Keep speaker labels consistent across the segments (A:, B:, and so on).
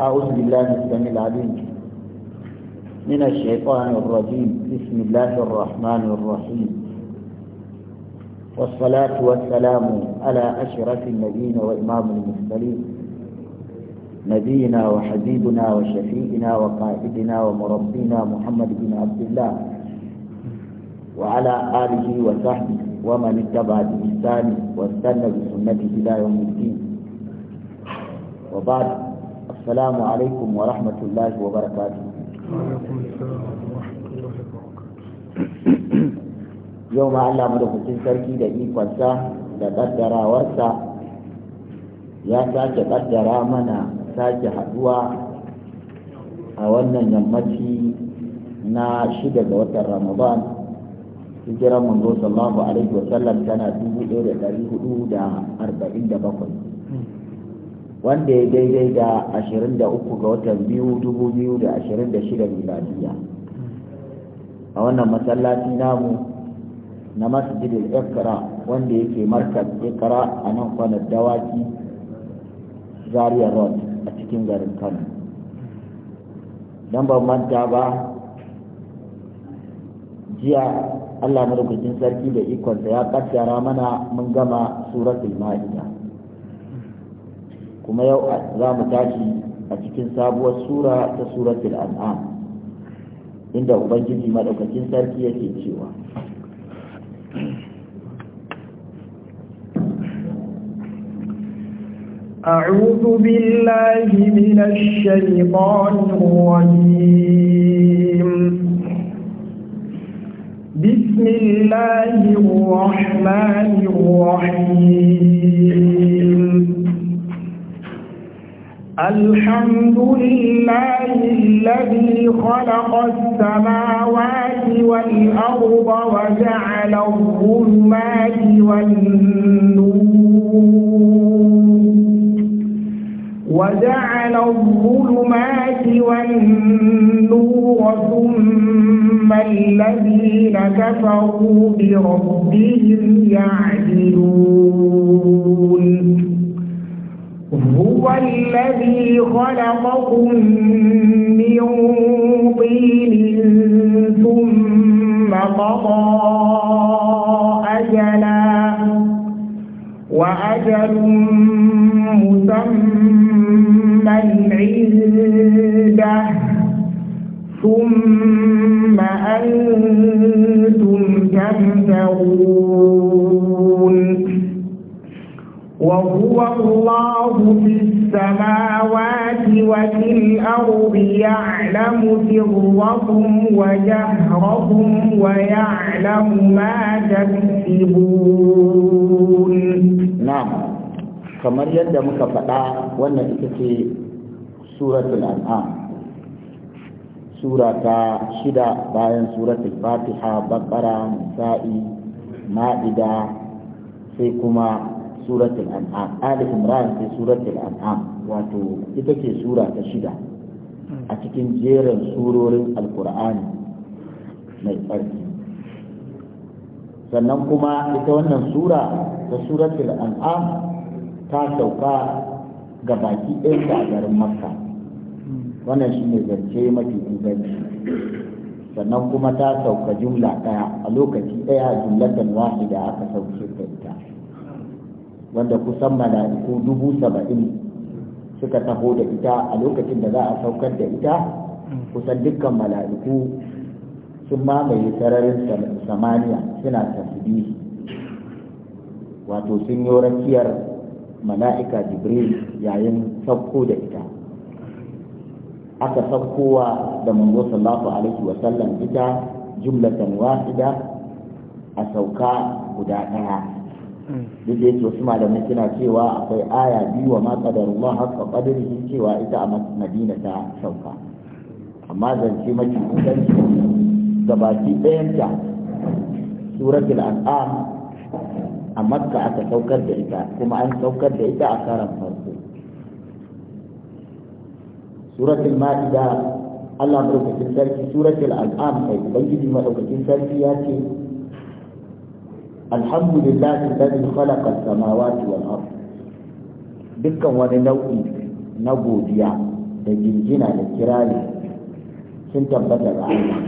A: أعوذ بالله السلام العليم من الشيطان الرجيم بسم الله الرحمن الرحيم والصلاة والسلام على أشرف النبيين وإمام المرسلين نبينا وحبيبنا وشفيئنا وقائدنا ومربينا محمد بن عبد الله وعلى آله وصحبه ومن اتبع بإحسانه واستنى بسنته إلى يوم الدين وبعد assalamu alaikum wa rahmatullahi wa barakatuh yau ma Allah madaukakin sarki da ikonsa da kaddarawarsa ya sake kaddara mana sake haɗuwa a wannan yammaci na shida ga watan ramadan hijiran manzo sallallahu alaihi wa sallam tana dubu ɗaya da ɗari hudu da arba'in da bakwai wanda ya daidai da 23 ga watan 2026 miladiya a wannan masallaci namu na masjidil ikra wanda yake markar ikra a nan kwanar dawaki zaria road a cikin garin kano don ban manta ba jiya allah marubucin sarki da ikonsa ya kaddara mana mun gama suratul ma'ida kuma yau za mu tashi a cikin sabuwar sura ta suratul an'am inda ubangiji madaukakin sarki yake cewa
B: أعوذ بالله من الشيطان الرجيم بسم الله الرحمن الرحيم الحمد لله الذي خلق السماوات والأرض وجعل الظلمات والنور وجعل الظلمات والنور ثم الذين كفروا بربهم يعدلون هو الذي خلقكم من طين ثم قضى أجلا وأجل مسمى عنده ثم أنتم تمترون وهو الله في السماوات وفي الأرض يعلم سركم وجهركم ويعلم ما تكسبون نعم
A: kamar yadda muka faɗa wannan ita ce suratul an'am sura ta shida bayan suratul fatiha bakara nisa'i ma'ida sai kuma suratul an'am ali imran fi suratul an'am wato ita ce sura ta shida a cikin jerin surorin alkur'ani mai tsarki sannan kuma ita wannan sura ta suratul an'am ta sauka ga baki ɗaya a garin makka wannan shi ne zance mafi inganci sannan kuma ta sauka jumla ɗaya a lokaci ɗaya jumlatan wahida aka sauke ta wanda kusan mala'iku dubu saba'in suka taho da ita a lokacin da za a saukar da ita kusan dukkan mala'iku sun mamaye sararin samaniya suna tasbihi wato sun yi rakiyar mala'ika jibril yayin sauko da ita aka saukowa da manzo sallallahu alaihi wa sallam ita jumlatan wahida a sauka guda ɗaya duk da yake wasu malamai suna cewa akwai aya biyu wa maqadarullah haqqa qadrihi cewa ita a Madina ta sauka amma zance mafi kudanci gabaki ɗayanta suratul an'am a makka aka saukar da ita kuma an saukar da ita a karan farko suratul ma'ida Allah madaukakin sarki suratul an'am sai ubangiji madaukakin sarki ya ce الحمد لله الذي خلق السماوات والأرض بك نبو نبوديا لجنجنا للكرالي كنت بدل عالم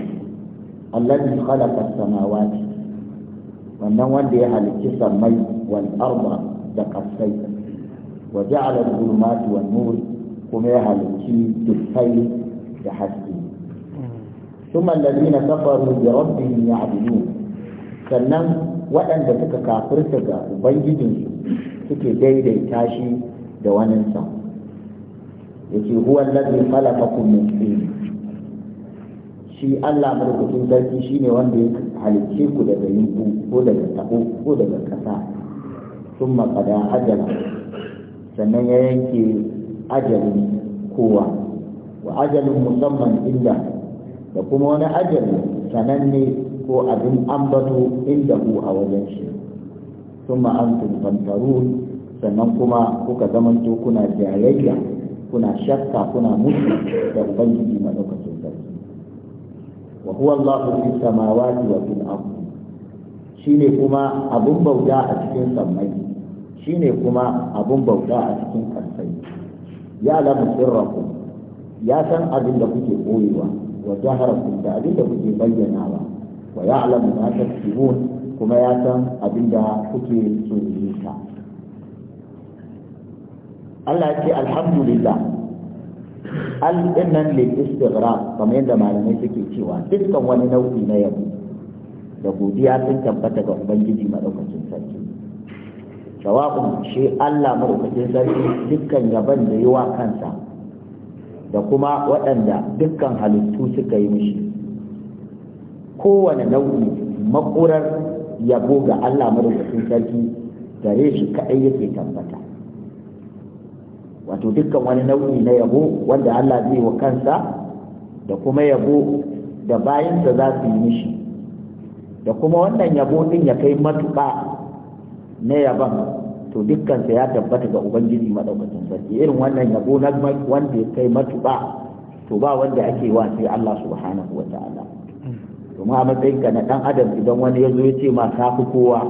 A: الذي خلق السماوات ونوان لها الكسمي والأرض دقى السيد وجعل الظلمات والنور كميها لكي تفهي لحسين ثم الذين كفروا بربهم يعبدون sannan waɗanda suka kafirta ga ubangijin suke daidaita shi da waninsa yake huwa lalli falakakum min tin shi Allah madaukakin sarki shine wanda ya halicce ku daga yinku ko daga tabo ko daga kasa sun maƙada ajala sannan ya yanke ajalin kowa wa ajalin musamman inda da kuma wani ajali sananne ko abin ambato inda ku a wajen shi an ma'antun fantarun sannan kuma kuka zamanto kuna jayayya kuna shakka kuna mutu da ubangiji madaukakin sarki wa huwa Allahu fi samawati wa fil ardi shine kuma abun bauta a cikin sammai shine kuma abun bauta a cikin ƙasai ya alamu sirrakum ya san abin da kuke koyewa wa jaharakum da abin da kuke bayyanawa wa ya'lamu ma taksibun kuma ya san abin da kuke so yi ka Allah ce alhamdulillah al dinnan lil istighra kamar yadda malamai suke cewa dukkan wani nau'i na yabo da godiya sun tabbata ga ubangiji madaukakin sarki sawa'un shi Allah maɗaukacin sarki dukkan yaban da yi wa kansa da kuma waɗanda dukkan halittu suka yi mishi kowane nau'i makurar yabo ga Allah madaukakin sarki gare shi kaɗai yake tabbata wato dukkan wani nau'i na yabo wanda Allah zai wa kansa da kuma yabo da bayansa za su yi mishi da kuma wannan yabo din ya kai matuƙa na yaban to dukkansa ya tabbata ga ubangiji madaukakin sarki irin wannan yabo na wanda ya kai matuƙa to ba wanda ake wa sai Allah subhanahu wa ta'ala domin a matsayinka na ɗan adam idan wani ya zo ya ce ma ka fi kowa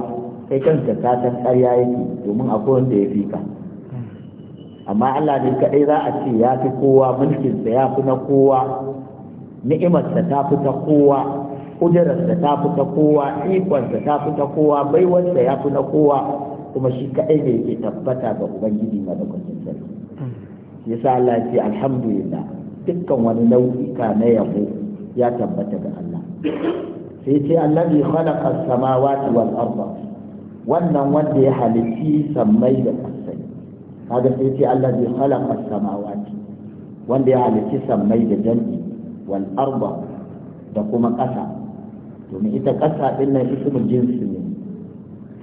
A: kai kanka ka san ƙarya yake domin akwai wanda ya fi ka amma Allah ne kaɗai za a ce ya fi kowa mulkinsa ya fi na kowa ni'imarsa ta fi ta kowa ƙudurarsa ta fi ta kowa ikonsa ta fi ta kowa baiwarsa ya fi na kowa kuma shi kaɗai ne yake tabbata ga ubangiji madaukakin sarki yasa Allah ya ce alhamdulillah dukkan wani nau'ika na yabo ya tabbata ga sai ce allazi khalaqa samawati wal arda wannan wanda ya halitti sammai da ƙasai kaga sai ce allazi khalaqa as-samawati wanda ya halitti sammai da jami wal arda da kuma ƙasa domin ita ƙasa din nan ismul jinsi ne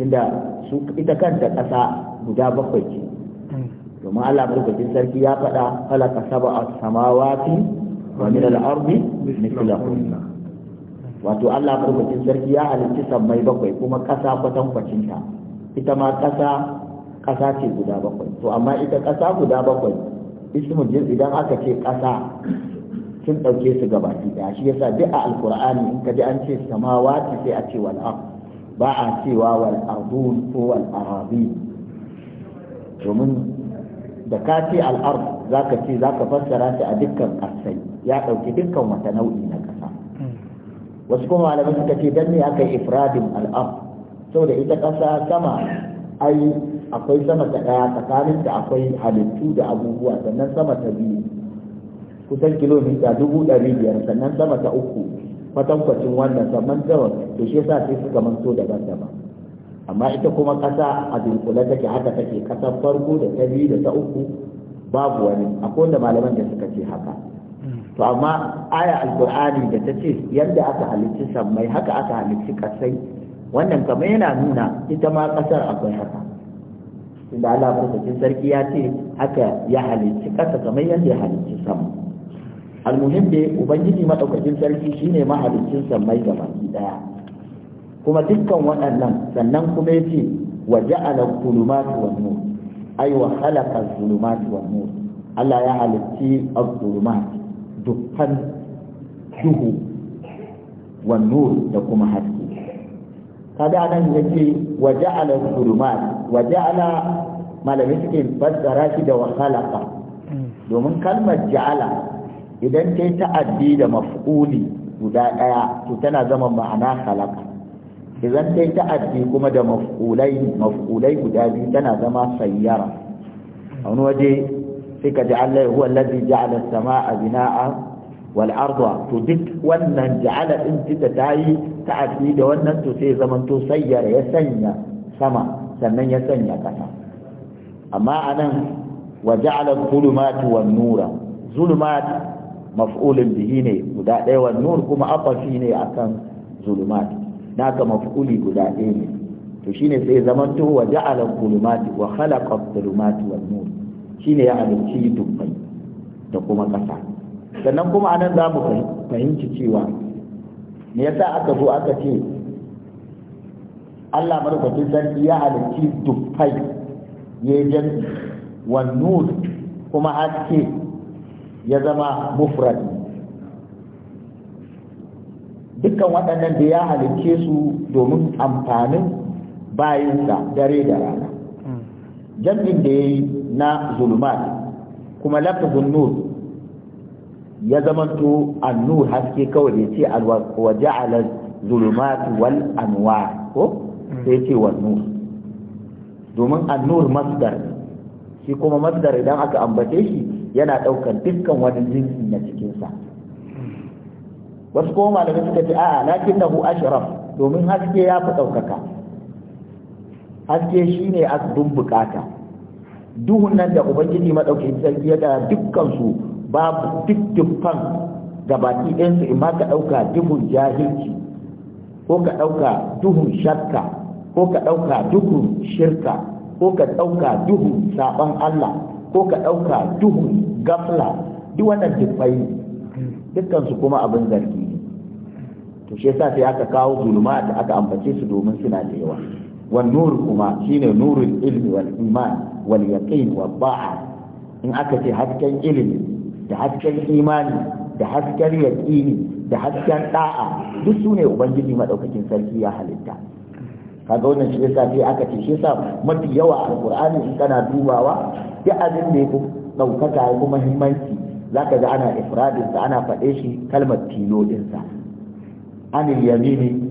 A: tunda su ita kanta ƙasa guda bakwai ce domin Allah barkatin sarki ya faɗa khalaqa sab'a as-samawati wa min al-ardi mithlahunna wato Allah madaukakin sarki ya halicci sammai bakwai kuma ƙasa kwatankwacin ta ita ma ƙasa ƙasa ce guda bakwai to amma ita ƙasa guda bakwai ismu jin idan aka ce ƙasa sun ɗauke su gaba ɗaya shi yasa duk a alkur'ani in ka ji an ce samawati sai a ce wal ba a cewa wal ardun ko wal arabi domin da ka ce al'ard za ka ce za ka fassara shi a dukkan ƙasai ya ɗauki dukkan wata nau'i na wasu kuma malamai suka ce dan ne aka yi ifradin al'am saboda ita ƙasa sama ai akwai sama ta ɗaya tsakanin da akwai halittu da abubuwa sannan sama ta biyu kusan kilomita dubu ɗari biyar sannan sama ta uku kwatankwacin wannan saman dawa to shi yasa sai suka manto daban daban amma ita kuma ƙasa a dunkule take haka take ƙasar farko da ta biyu da ta uku babu wani akwai wanda malaman da suka ce haka to amma aya alkur'ani da ta ce yadda aka halicci sammai haka aka halicci kasai wannan kama yana nuna ita ma kasar akwai haka inda Allah sarki ya ce haka ya halicci kasa kamar yadda ya halicci sama almuhim dai ubangiji madaukakin sarki shine mahaliccin sammai ga baki ɗaya. kuma dukkan waɗannan sannan kuma ya ce wa ja'ala zulumatu wan nur ay wa khalaqa nur Allah ya halicci az-zulumat dukkan duhu wa nur da kuma haske kada nan yake wa ja'ala zulumat wa ja'ala malami suke fassara shi da wa domin kalmar ja'ala idan ta yi ta'addi da maf'uli guda ɗaya to tana zama ma'ana khalaqa idan ta yi ta'addi kuma da maf'ulai maf'ulai guda biyu tana zama sayyara a wani waje sai ka ja'ala huwa allazi ja'ala as-samaa bina'an wal arda to duk wannan ja'ala din ta tayi ta'addi da wannan to sai zaman to sayyar ya sanya sama sannan ya sanya kasa amma anan wa ja'ala al-zulumati wan nura zulumat maf'ulun bihi ne guda ɗaya wa nur kuma afafi ne akan zulumat naka maf'uli guda ɗaya ne to shine sai zamanto wa ja'ala al-zulumati wa khalaqa al-zulumati wan nur shine ya halicci dubbai da kuma ƙasa sannan kuma anan za mu fahimci cewa me yasa aka zo aka ce Allah madaukakin sarki ya halicci dubbai ya jan wannan kuma haske ya zama mufrad dukkan waɗannan da ya halicce su domin amfanin bayinsa dare da rana hmm. jambin da ya yi na zulumat kuma lafazin nur ya zamanto annur haske kawai da ce wa ja'ala zulumat wal anwa ko mm. sai ce wa nur domin annur masdar shi kuma masdar idan aka ambace shi yana daukar dukkan wani jinsi na cikin sa mm. wasu kuma malamai suka ce a'a lakinnahu ashraf domin haske ya fi daukaka haske shine asbun bukata duhun nan da ubangiji madaukakin sarki ya da dukkan su babu dukkan da baki su in ma ka dauka duhun jahilci ko ka dauka duhun shakka ko ka dauka duhun shirka ko ka dauka duhun saban Allah ko ka ɗauka duhun gafla duk wannan dubbai dukkan su kuma abin zargi ne to shi yasa sai aka kawo da aka ambace su domin suna da yawa wan nuru kuma shine nurul ilmi wal iman wal wa ba'a in aka ce hasken ilimi da hasken imani da hasken yaqini da hasken da'a duk sune ubangiji madaukakin sarki ya halitta kaga wannan shi yasa sai aka ce shi yasa mafi yawa Al-ƙur'ani in kana dubawa duk abin da yake daukaka ya kuma muhimmanci zaka ga ana ifradin sa ana faɗe shi kalmar tilo din sa anil yamini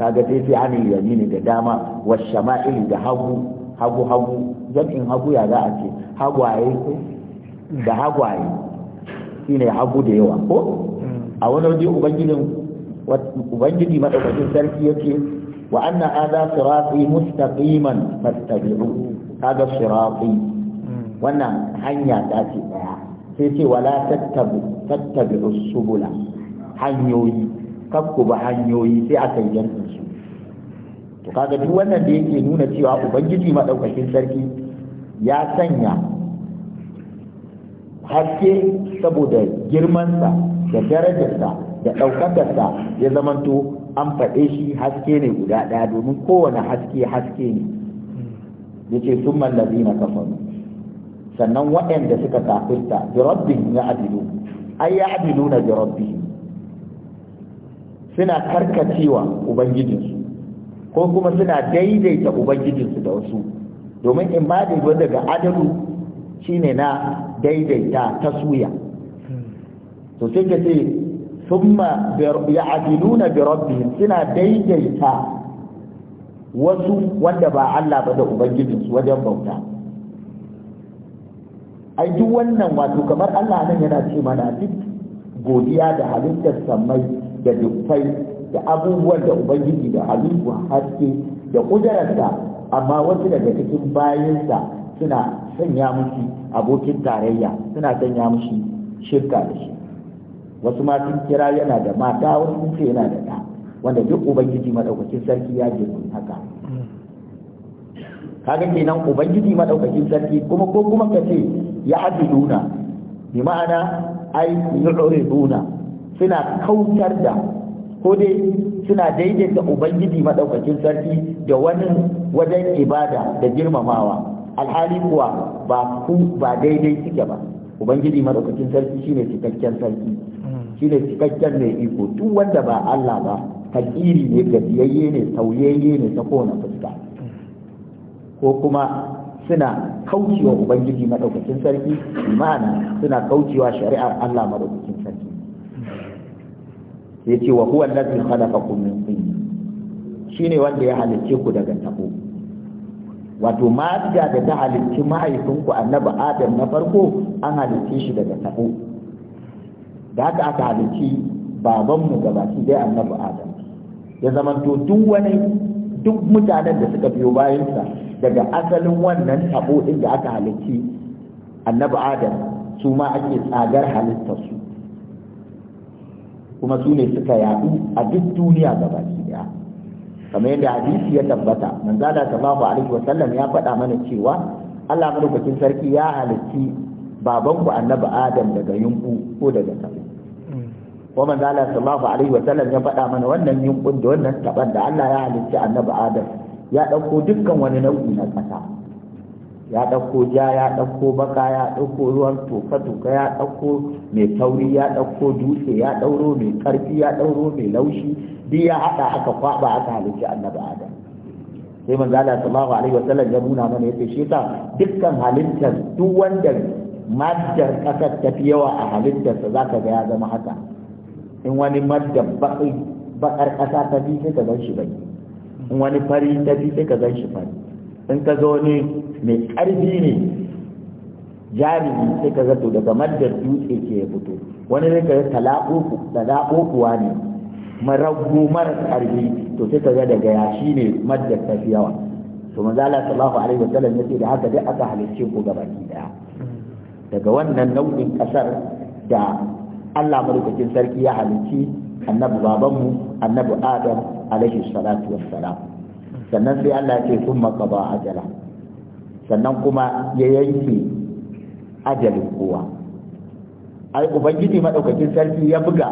A: kaga sai sai anil yamini da dama shama'il da hagu hagu hagu jam'in hagu ya za a ce hagwaye ko da hagwaye shi ne hagu da yawa ko a wani waje ubangijin ubangiji madaukakin sarki yake wa anna hadha sirati mustaqiman fattabi'u hadha sirati wannan hanya ta ce ɗaya. sai ce wala tattabu tattabi'u subula hanyoyi kakku ba hanyoyi sai aka yi su to kaga duk wannan da yake nuna cewa ubangiji maɗaukakin sarki ya sanya haske saboda girmansa da darajarsa da ɗaukakarsa ya zamanto an faɗe shi haske ne guda ɗaya domin kowane haske haske ne ya ce sun na kafaru sannan waɗanda suka kafirta bi rabbihim ya adilu ai ya na bi suna karkacewa ubangijinsu ko kuma suna daidaita ubangijinsu da wasu domin in ba da daga adalu shine na daidaita ta suya to sai ka ce thumma ya'diluna bi rabbihim suna daidaita wasu wanda ba Allah ba da ubangijinsu wajen bauta ai duk wannan wato kamar Allah nan yana ce mana duk godiya da halittar samai da dukkai da abubuwan da ubangiji da halittu haske da kudararsa amma wasu daga cikin bayansa suna sanya mushi abokin tarayya suna sanya mushi shirka da shi wasu ma sun kira yana da mata wasu sun ce yana da ɗa wanda duk ubangiji madaukakin sarki ya je haka kaga kenan ubangiji madaukakin sarki kuma ko kuma ka ce ya duna bi ma'ana ai yi duna suna kautar da ko dai suna daidaita ubangiji madaukakin sarki da wani wajen ibada da girmamawa alhali kuwa ba ku ba daidai suke ba ubangiji madaukakin sarki shine cikakken sarki shine cikakken mai iko duk wanda ba Allah ba takiri ne gajiyayye ne sauyayye ne ta kowane fuska ko kuma suna kaucewa ubangiji madaukakin sarki imana suna kaucewa shari'ar Allah madaukakin sarki ce wa huwa allazi khalaqakum min tin shine wanda ya halicce ku daga tabo wato mata da ta halicci mahaifinku annabi adam na farko an halicce shi daga tabo da haka aka halicci babanmu gabaki dai annabi adam ya zamanto duk wani duk mutanen da suka biyo bayansa daga asalin wannan tabo din da aka halicci annabi adam su ma ake tsagar halittarsu kuma su ne suka yadu a duk duniya gaba daya kamar yadda hadisi ya tabbata manzala sallallahu alaihi wasallam ya faɗa mana cewa Allah madaukakin sarki ya halitti baban ku annabi Adam daga yunku ko daga tabo kuma manzala sallallahu alaihi wasallam ya faɗa mana wannan yunkun da wannan taban da Allah ya halitti annabi Adam ya ɗauko dukkan wani nau'i na ƙasa ya ɗauko ja ya ɗauko baka ya ɗauko ruwan toka-toka ya ɗauko mai tauri ya ɗauko dutse ya ɗauro mai ƙarfi ya ɗauro mai laushi duk ya haɗa aka kwaɓa aka halicci annabi adam sai manzo Allah sallallahu alaihi wasallam ya nuna mana yace shi ta dukkan halittar duk wanda maddar kasar ta fi yawa a halittar sa zaka ga ya zama haka in wani maddar baƙar ƙasa ta fi sai ka gan shi bai in wani fari ta fi sai ka gan shi fari in ka zo ne mai ƙarfi ne jarumi sai ka zato daga maddar dutse ke ya fito wani zai ka talaɓokuwa ne maragu mara ƙarfi to sai ka ga daga shi ne maddar fi yawa to manzo ala sallallahu alaihi wasallam ce da haka dai aka halicce ku gabaki daya daga wannan nau'in kasar da Allah madaukakin sarki ya halicci annabi babanmu annabi Adam alaihi salatu wassalam sannan sai Allah ya ce sun makaba ajala sannan kuma ya yanke ajalin kowa ai ubangiji maɗaukakin sarki ya buga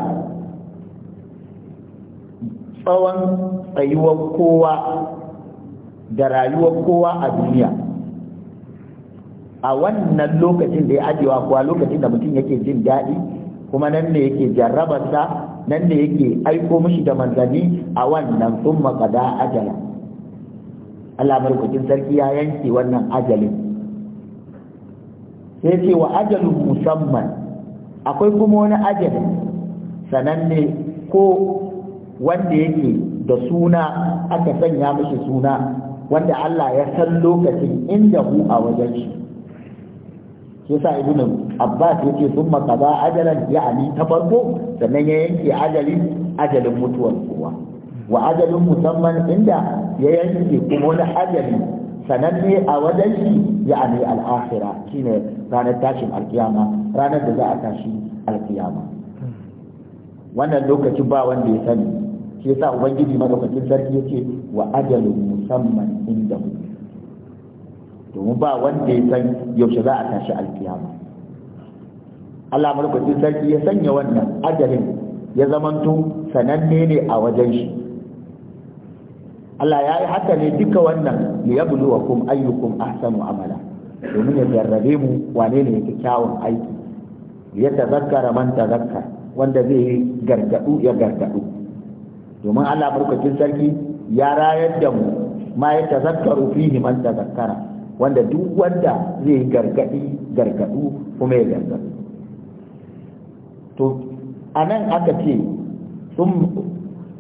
A: tsawon tsayuwar kowa da rayuwar kowa a duniya a wannan lokacin da ya ajiyewa kuwa lokacin da mutum yake jin daɗi kuma nan ne yake jarrabarsa nan ne yake aiko mishi da manzanni a wannan sun makada ajala Allah barkatun sarki ya yanke wannan ajalin sai ce wa ajalin musamman akwai kuma wani ajalin sananne ko wanda yake da suna aka sanya mashi suna wanda Allah ya san lokacin inda hu a wajen shi shi sa ibnu abbas yace summa qada ajalan ya'ani ta farko sannan ya yanke ajali ajalin mutuwar kowa wa ajalin musamman inda ya yanke kuma wani ajali sananne a wajen shi ya ne al'akhira shine ranar tashin alkiyama ranar da za a tashi alkiyama wannan lokaci ba wanda ya sani shi yasa ubangiji madaukakin sarki yace wa ajalin musamman inda domin ba wanda ya san yaushe za a tashi alkiyama Allah madaukakin sarki ya sanya wannan ajalin ya zamanto sananne ne a wajen shi Allah ya yi haka ne duka wannan ya kuma ayyukun a ahsanu amala domin ya jarrabe mu wane ne yake kyawun aiki ya tazakkara man tazakka, wanda zai yi gargadu ya gargadu domin Allah barkacin sarki ya rayar da mu ma ya tazakkaru fihi man tazakkara wanda duk wanda zai yi gargadi gargadu kuma ya gargadu to anan aka ce sun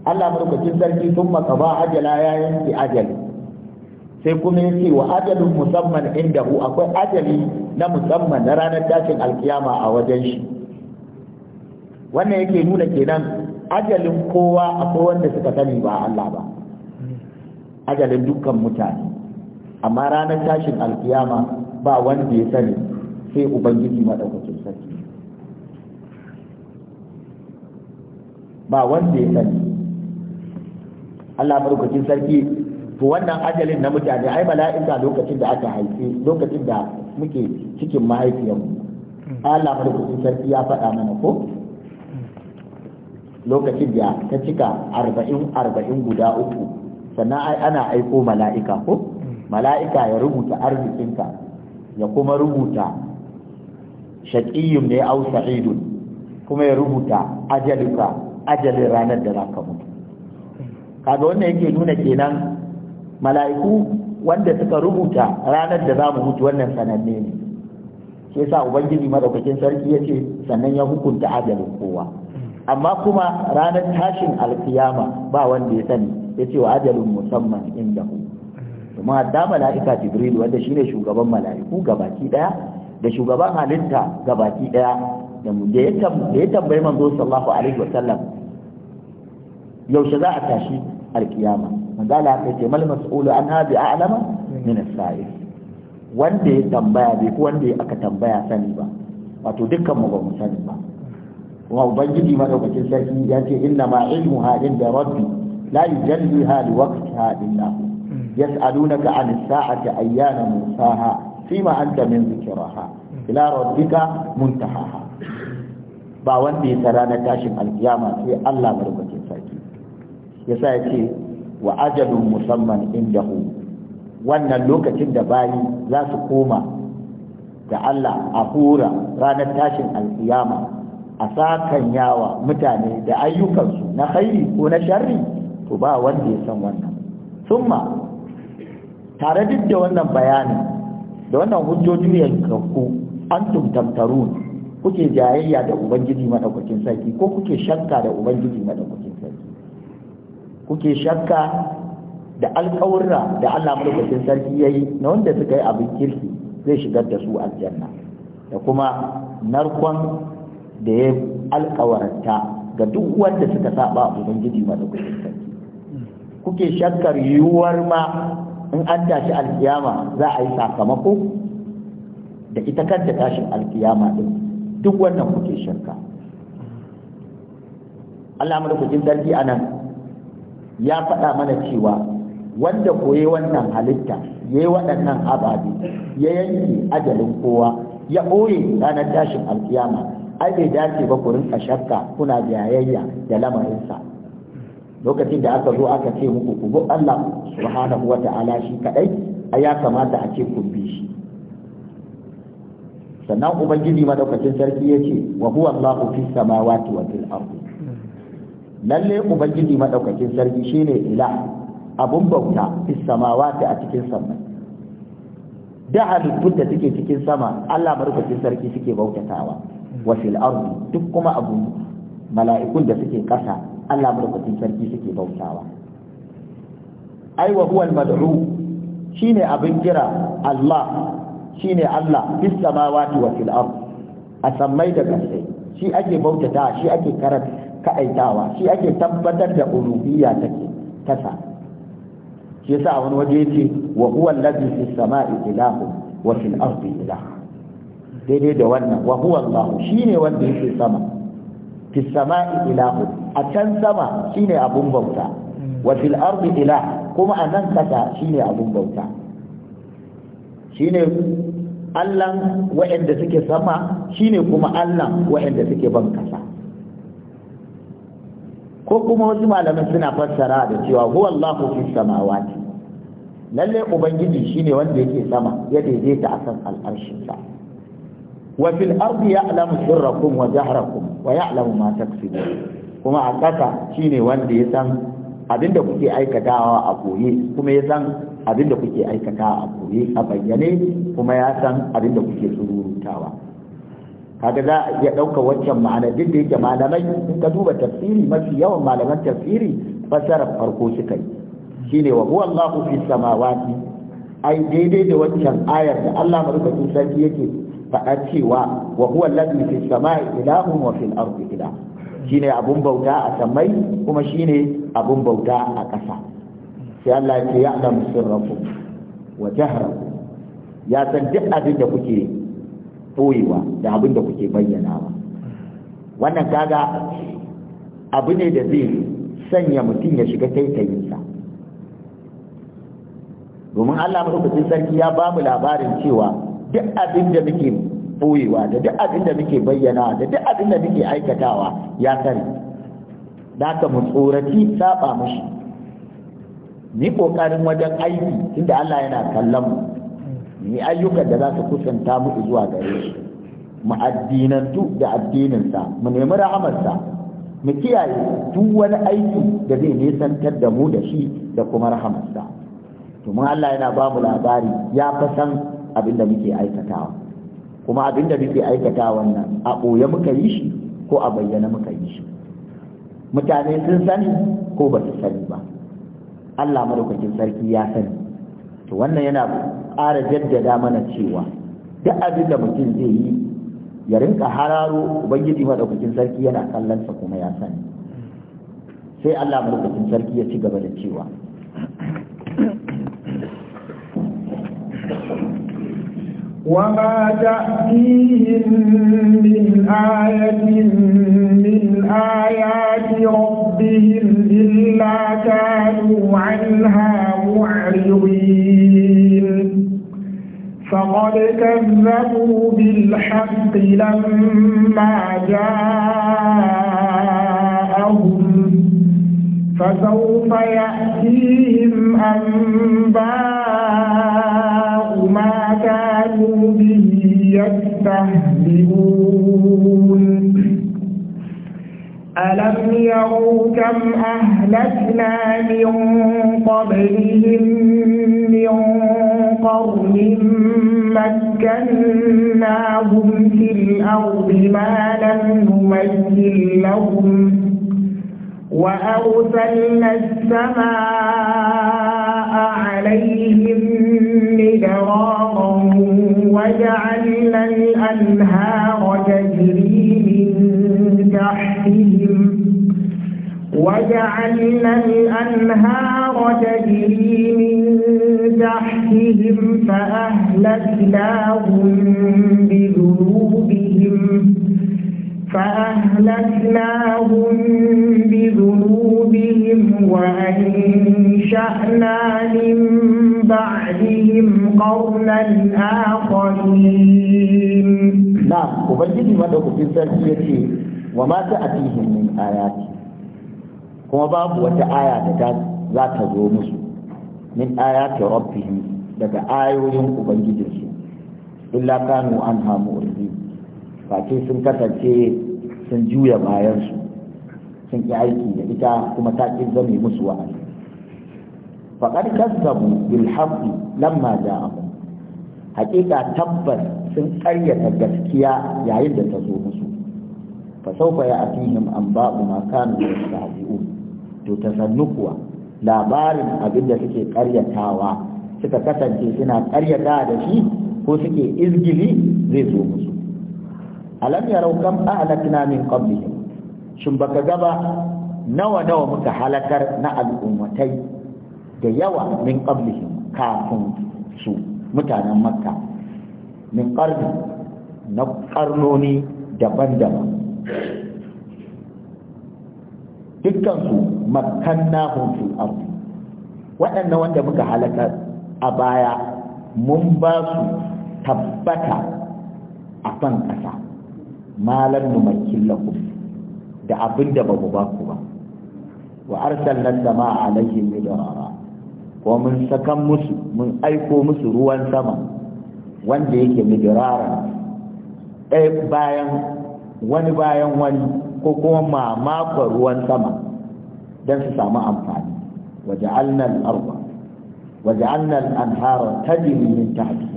A: Allah madaukakin sarki sun makaba ajala ya yanke ajali sai kuma ya ce wa ajalin musamman inda hu akwai ajali na musamman na ranar tashin alkiyama a wajen shi wannan yake nuna kenan ajalin kowa akwai wanda suka sani ba Allah ba ajalin dukkan mutane amma ranar tashin alkiyama ba wanda ya sani sai ubangiji maɗaukacin sarki ba wanda ya sani Allah barkatun sarki to wannan ajalin na mutane ai mala'ika lokacin da aka haife lokacin da muke cikin mahaifiyarmu Allah barkatun sarki ya faɗa mana ko lokacin da ta cika arba'in arba'in guda uku sannan ai ana aiko mala'ika ko mala'ika ya rubuta arzikinka ya kuma rubuta shaqiyyun ne au sa'idun kuma ya rubuta ajalinka ajalin ranar da za ka mutu kaga wannan yake nuna kenan mala'iku wanda suka rubuta ranar da za mu mutu wannan sananne ne ke sa ubangiji madaukakin sarki yace sannan ya hukunta ajalin kowa amma kuma ranar tashin alkiyama ba wanda ya sani yace wa ajalin musamman inda ku kuma da mala'ika jibril wanda shine shugaban mala'iku gabaki daya da shugaban halitta gabaki daya da ya tambayi manzo sallallahu alaihi wasallam yaushe za a tashi alkiyama manzo Allah ya ce mal mas'ulu an hadi a'lama min as-sa'il wanda ya tambaya bai ko wanda aka tambaya sani ba wato dukkan mu ba mu sani ba kuma ubangiji madaukakin sarki ya ce inna ma ilmu hadin da rabbi la yujalliha li waqtiha illa yas'alunaka an as-sa'ati ayyana musaha fima anta min dhikraha ila rabbika muntahaha ba wanda ya tsara na tashin alkiyama sai Allah barka yasa ya ce wa ajalun musamman indahu wannan lokacin da bayi za su koma da Allah a hura ranar tashin alkiyama a sakan yawa mutane da ayyukansu na khairi ko na sharri to ba wanda ya san wannan summa tare duk da wannan bayani da wannan hujjojin yankakku an tumtamtaru kuke jayayya da ubangiji madaukakin sarki ko kuke shakka da ubangiji madaukakin kuke shakka da alƙawarra da Allah mulkin sarki yayi na wanda suka yi abin kirki zai shigar da su aljanna da kuma narkon da ya alƙawarta ga duk wanda suka saba a ubangiji kuke sarki kuke shakkar yiwuwar ma in an tashi alkiyama za a yi sakamako da ita kanta tashin alkiyama din duk wannan kuke shakka Allah mulkin sarki anan ya faɗa mana cewa wanda koyi wannan halitta ya yi waɗannan ababe ya yanke ajalin kowa ya ɓoye ranar tashin alkiyama ai bai dace ba ku rinka shakka kuna jayayya da lamarinsa lokacin da aka zo aka ce muku ku bi Allah subhanahu wa ta'ala shi kadai ai ya kamata a ce ku bi shi sannan ubangiji madaukakin sarki ya ce wa huwa Allahu fis samawati wa fil ardi lalle ubangiji madaukakin sarki shine ilah abun bauta fis samawati a cikin sama da halittun da suke cikin sama Allah madaukakin sarki suke bautatawa wa fil ardi duk kuma abu mala'ikun da suke kasa Allah madaukakin sarki suke bautawa ai wa huwa al-mad'u shine abin kira Allah shine Allah fis samawati wa fil ardi a sammai da kasai shi ake bautata shi ake karanta Ka kaɗaitawa shi ake tabbatar da uluhiyya take tasa shi yasa a wani waje yace wa huwa allazi fi sama'i ilahu wa fil ardi ilahu daidai da wannan wa huwa allah shine wanda yake sama fis sama'i ilahu a can sama shine abun bauta wa fil ardi ilah kuma a nan kasa shine abun bauta shine allan wa'anda suke sama shine kuma allan wa'anda suke ban kasa ko kuma wasu malaman suna fassara da cewa huwa Allahu fi samawati lalle ubangiji shine wanda yake sama ya daidaita akan al'arshin sa wa fil ardi ya'lamu sirrakum wa jahrakum wa ya'lamu ma taksibun kuma a ƙasa shine wanda ya san abinda kuke aikatawa a koye kuma ya san abinda kuke aikatawa a koye a bayyane kuma ya san abinda kuke tsururutawa kaga za a iya ɗauka waccan ma'ana duk da yake malamai in ka duba tafsiri mafi yawan malaman tafsiri fasarar farko suka yi shine wa huwa Allahu fi samawati ai daidai da waccan ayar da Allah madaukakin sarki yake faɗa cewa wa huwa allazi fi samai ilahun wa fil ardi ilah shine abun bauta a samai kuma shine abun bauta a ƙasa sai Allah ya ce ya'lamu sirrakum wa jahrakum ya san duk abin da kuke ɓoyewa da abin da kuke ba wannan kaga abu ne da zai sanya mutum ya shiga taitayinsa domin Allah madaukakin sarki ya ba mu labarin cewa duk abin da muke boyewa da duk abin da muke bayyana da duk abin da muke aikatawa ya sani da ka mu tsorati saba mushi ni kokarin wajen aiki tunda Allah yana kallon mu ni ayyukan da za su kusanta mu zuwa gare shi mu addinantu da addininsa mu nemi rahamarsa mu kiyaye duk wani aiki da zai nesantar da mu da shi da kuma rahamarsa domin Allah yana ba mu labari ya fa san abin da muke aikatawa kuma abin da muke aikatawa nan a ɓoye muka yi shi ko a bayyana muka yi shi mutane sun sani ko ba su sani ba Allah madaukakin sarki ya sani to wannan yana ƙara jaddada mana cewa duk abin da mutum zai yi ya rinka hararo ubangiji madaukakin sarki yana kallonsa kuma ya sani sai Allah madaukakin sarki ya ci gaba da cewa
B: وما تأتيهم من آية من آيات ربهم إلا كانوا عنها معرضين فقد كذبوا بالحق لما جاءهم فسوف يأتيهم أنباء ما كانوا به يستهزئون ألم يروا كم أهلكنا من قبلهم من قوم مكناهم في الأرض ما لم نمكن لهم وأرسلنا السماء عليهم مدرارا وجعلنا الأنهار تجري من تحتهم وجعلنا الأنهار تجري من تحتهم فأهلكناهم بذنوبهم فأهلكناهم بذنوبهم وأنشأنا من بعدهم قرنا آخرين
A: نعم وبجد ما دوك في وما تأتيهم من آياتهم kuma babu wata aya da ta za ta zo musu min ayati rabbihim daga ayoyin ubangijinsu illa kanu anha mu'ridi face sun kasance sun juya bayansu sun ƙi aiki da ita kuma ta ƙi zame musu wa'azi faƙar kasabu bil haqqi lamma ja'ahum haƙiƙa tabbas sun ƙaryata gaskiya yayin da ta zo musu fa atihim an ba'u ma kanu yastahzi'un to ta sannu kuwa labarin abin da suke karyatawa suka kasance suna karyata da shi ko suke izgili zai zo musu alam yarau kam ahlakna min qablihim shin baka gaba nawa nawa muka halakar na al'ummatai da yawa min qablihim kafin su mutanen makka min karni na karnoni daban-daban dukkansu makanna fil ardi waɗannan wanda muka halaka a baya mun ba su tabbata a kan ƙasa malar numakin lahum da abin da ba mu ba ku ba wa arsalna sama alaihim midrara ko mun sakan musu mun aiko musu ruwan sama wanda yake midrara ɗaya bayan wani bayan wani ko kuma mamakon ruwan sama don su samu amfani waje annan arba waje annan anhara ta ta tahtihim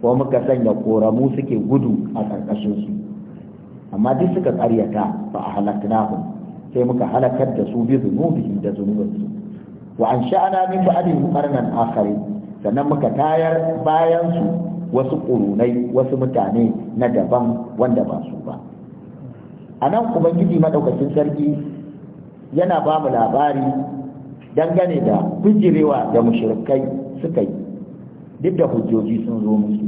A: ko muka sanya koramu suke gudu a ƙarƙashinsu amma duk suka ƙaryata ba a halaknahum sai muka halakar da su bi zunubihim da zunubansu wa an sha'ana min ba'dihim qarnan akharin sannan muka tayar bayan su wasu ƙurunai wasu mutane na daban wanda ba su ba a nan ubangiji maɗaukacin sarki yana ba mu labari dangane da bijirewa da mushirikai suka yi duk da hujjoji sun zo musu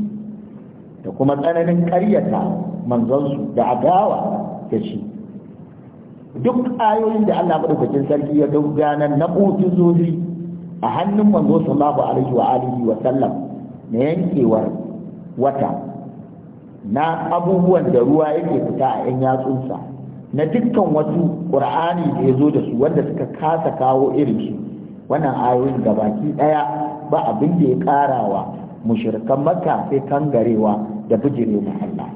A: da kuma tsananin ƙaryata manzansu da adawa da shi duk ayoyin da Allah madaukakin sarki ya ganar na zozi a hannun manzo sallallahu alaihi wa alihi wa sallam na yankewar wata na abubuwan da ruwa yake fita a yan yatsunsa na dukkan wasu ƙur'ani da ya zo da su wanda suka kasa kawo irin shi wannan ayoyin baki ɗaya ba abin da ya ƙarawa mushrikan makka sai kangarewa da bijire mu Allah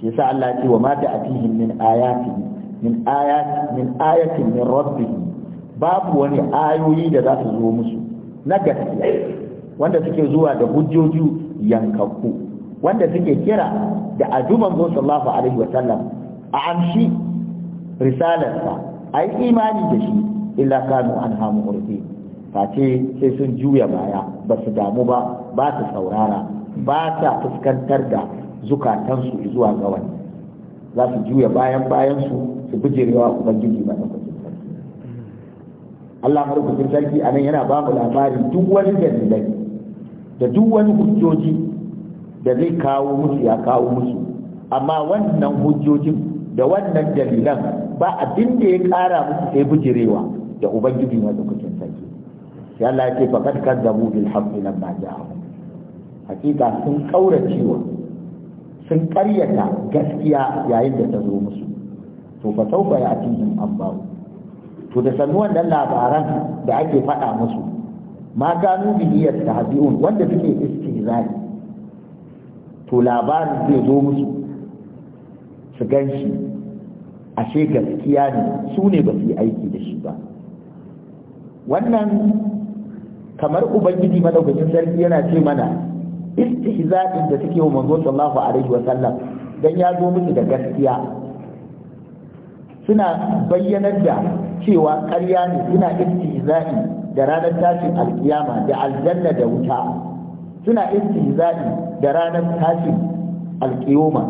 A: shi yasa Allah ya ce wa ma ta'atihim min ayati min ayati min ayati min rabbihim babu wani ayoyi da za su zo musu na gaskiya wanda suke zuwa da hujjoji yankakku wanda suke kira da aduban zo sallallahu alaihi wa sallam a amshi risalarsa a yi imani da shi illa kanu an hamu urfi face sai sun juya baya ba su damu ba ba su saurara ba sa fuskantar da zukatansu zuwa ga wani za su juya bayan bayan su bijirewa ubangiji ba da Allah marubucin sarki a nan yana ba mu labari duk wani dalilai da duk wani hujjoji da zai kawo musu ya kawo musu amma wannan hujjojin da wannan dalilan ba abin da ya kara musu sai bujirewa da ubangiji madaukakin sarki sai Allah ya ce faqad kadzabu bil haqqi lamma ja'ahum hakika sun cewa, sun ƙaryata gaskiya yayin da ta zo musu to fa ya atihim anba'u to da sanuwan wannan labaran da ake faɗa musu ma ganu bihiyar tahdiun wanda suke istihza'i to labarin zai zo musu su gan shi ashe gaskiya ne su ne ba su yi aiki da shi ba wannan kamar ubangiji madaukakin sarki yana ce mana istihza'in da suke wa manzo sallallahu alaihi wa sallam dan ya zo musu da gaskiya suna bayyanar da cewa ƙarya ne suna istihza'i da ranar tashin alkiyama da aljanna da wuta suna istihza'i da ranar tashin alkiyoma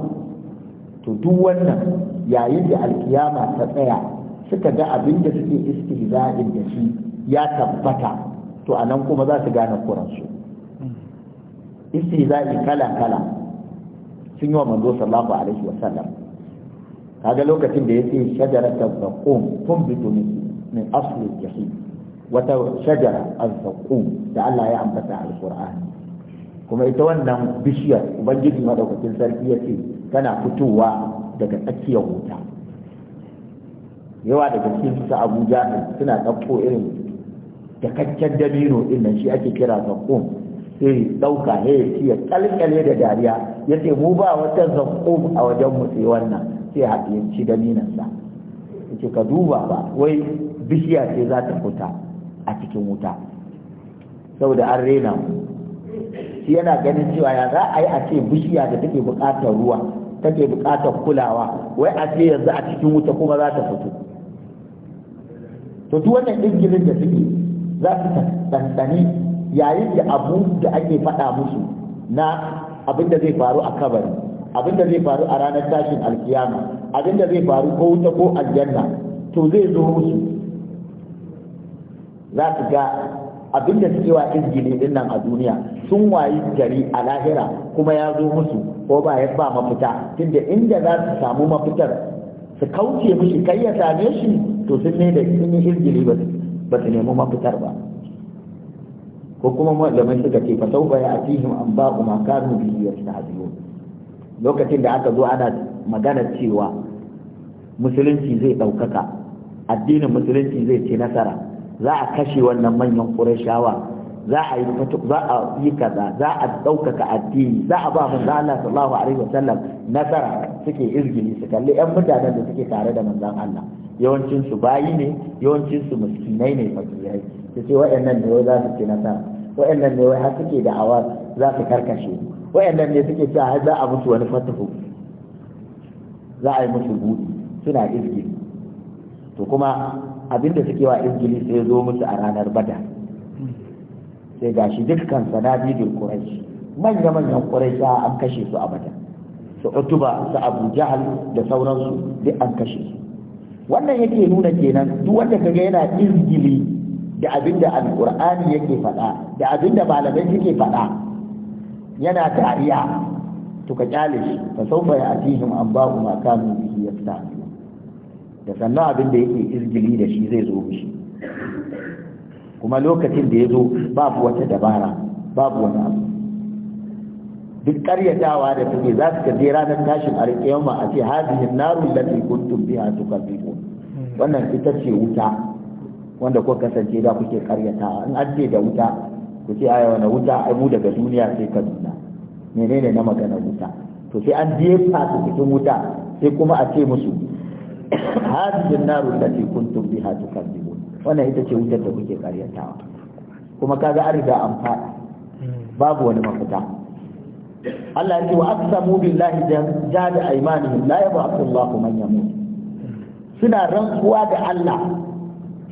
A: to duk wannan yayin da alkiyama ta tsaya suka ga abin da suke istihza'in da shi ya tabbata to nan kuma za su gane kuransu istihza'i kala kala sun yi wa manzo sallallahu alaihi wa sallam kaga lokacin da yace shajaratan zaqum tunbitu min asli jahi wata shajara az da Allah ya ambata a alqur'ani kuma ita wannan bishiyar ubangiji madaukakin sarki ya ce tana fitowa daga tsakiyar wuta yawa daga cikin su abuja suna ɗauko irin takakken dabino ɗin shi ake kira zakkum sai ɗauka ya ci ya kalkale da dariya ya ce mu ba wata zakkum a wajen mu sai wannan sai ya ci sa ya ce ka duba ba wai bishiya ce za ta fita a cikin wuta saboda an rena mu shi yana ganin cewa ya za a yi a ce bishiya da take buƙatar ruwa take buƙatar kulawa wai a ce yanzu a cikin wuta kuma za ta fito to duk wannan ingilin da suke za su tsantsani yayin da abu da ake faɗa musu na abin da zai faru a kabari abin da zai faru a ranar tashin alkiyama abin da zai faru ko wuta ko aljanna to zai zo musu za su ga abinda suke wa injini din nan a duniya sun wayi gari a lahira kuma ya zo musu ko ba ya ba mafita tunda inda za su samu mafitar su kauce mushi kai ya same shi to sun ne da sun yi injini ba su nemi mafitar ba ko kuma malamai suka ce fa sauka ya atihim an ba ma kanu bihi yastahzi'un lokacin da aka zo ana magana cewa musulunci zai ɗaukaka addinin musulunci zai ce nasara za a kashe wannan manyan ƙurashawa za a yi za a yi kaza za a ɗaukaka addini za a ba manzo Allah sallallahu alaihi wasallam nasara suke izgili su kalli ƴan mutanen da suke tare da manzon Allah yawancin su bayi ne yawancin su miskinai ne fakirai su ce waɗannan ne wai za su ci nasara waɗannan ne wai har suke da'awa za su karkashe waɗannan ne suke cewa har za a musu wani fatahu za a yi musu buɗi suna izgili kuma abinda suke wa izgili sai zo musu a ranar bada sai gashi dukkan sanadidul quraish manya manyan quraisha an kashe su a bada su utuba su abu jahal da sauransu duk an kashe su wannan yake nuna kenan duk wanda kaga yana ingili, da abinda alqur'ani yake faɗa da abinda malamai suke faɗa yana tariya to ka kyale shi fa sawfa ya'tihim anba'u ma kanu bihi yasta'un da sannan abin da yake izgili da shi zai zo mishi kuma lokacin da ya zo babu wata dabara babu wani abu duk karyatawa da suke za su kaje ranar tashin alƙiyama a ce hadihi naru lati kuntum biha tukazzibu wannan ita ce wuta wanda kuka kasance da kuke karyatawa in an ce da wuta ku ce ai wani wuta ai mu daga duniya sai ka kaduna menene na magana wuta to sai an jefa su cikin wuta sai kuma a ce musu hadhihi an kuntum biha tukadzibun wannan ita ce wutar da kuke karyatawa kuma kaga an riga an fada babu wani mafita Allah ya ce wa aqsamu billahi jada aymanihim la yab'athu Allahu man yamut suna rantsuwa da Allah